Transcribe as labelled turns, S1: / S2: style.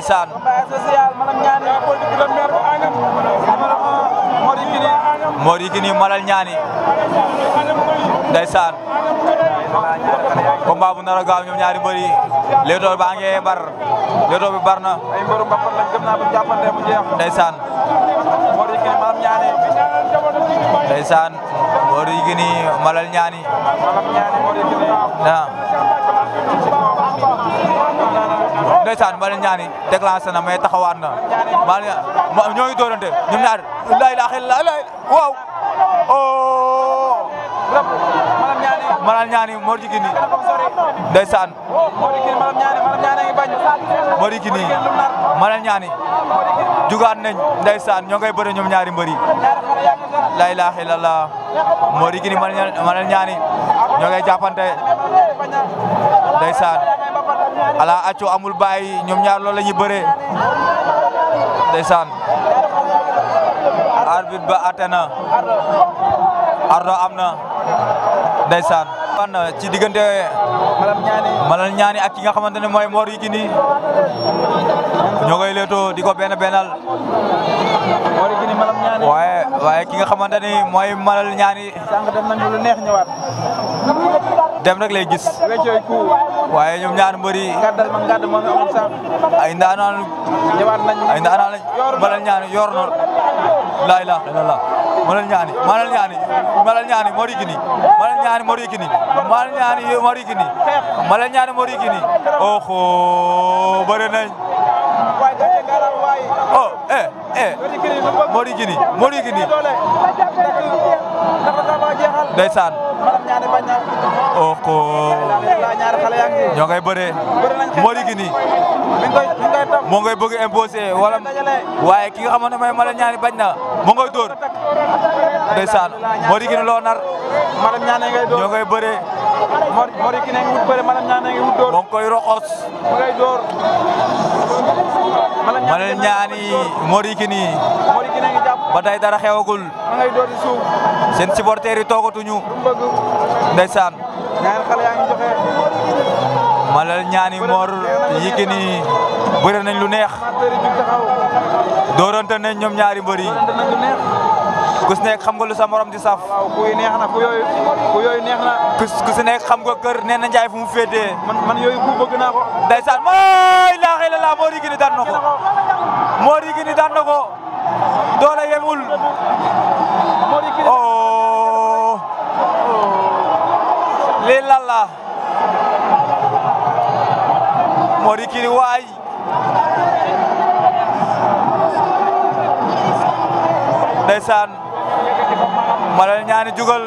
S1: ndeysaan Morikini Malal Ñaani ndeysaan combat bu nar a gaaw ñoom ñaari mbër yi léetoo bar léetoo bi bar na ay mbëru mbapat lañ gëm naa bu jàppante mu jeex ndeysaan Morikini Malal Ñaani ndeysaan Morikini Malal Ñaani Malal Ñaani Morikini ndeysaan ma leen ñaani déclenché na mais taxawaat na ma leen ñoo ngi doorante ñoom la ilaha illallah waaw oh maanaam ñaani Mor Jigini ndeysaan Mor Jigini maanaam ñaani jugaat nañ ndeysaan ñoo ngay bëre ñoom ñaari mbëri la ilaha ala acco amul bàyyi ñoom ñaar loolu la ñuy bëree ndeysaan arbitre ba atte na ardo am na ndeysaan fan ci diggante malal ñaani ak ki nga xamante ne mooy Mor Yekini ñoo koy leetoo di ko benn bennal waaye waaye ki nga xamante ne mooy malal ñaani sànq def nañu neex ñëwaat dem rek lay gis. waaye ñoom ñaar mbër yi. ay ndaanaan. ay ndaanaan lañ. ma leen ñaani yor noonu. laa ilaaha illallaah. ma leen ñaani ma leen ñaani ma leen ñaani moo rikini. ma leen ñaani moo rikini. ma leen ñaani moo rikini. ma leen ñaani moo rikini. oh xoo bëri nañ. oh eh. eh Morigini Morigini ndeysaan oxo oh, ñoo ngay bëree Morigini moo ngay bëgg imposé wala waaye ki nga xamante ne Malam Niani bañ na moo ngay dóor ndeysaan Morigini loo nar ñoo ngay moo koy roxos moo ngay dóor Morikini Morikini ngi jàpp dara xewagul ma ngay seen supporters yi toogatuñu ndeysaan ñaari xale malal ñaani Mor Yikini bëri nañ lu neex doorante nañ ñoom ñaari mbër yi ku si nekk xam nga lu sa morom di saf. waaw neex na ku yooyu ku na. ku si nekk xam nga kër nee na jaay fu mu féetee. man man yooyu ku bëgg naa ko. ndeysaan mooy laa xëy na laa moo rigi ni na ko doole yemul. oh lii lan la moo rigi waay. ndeysaan ma lay ñaani jugal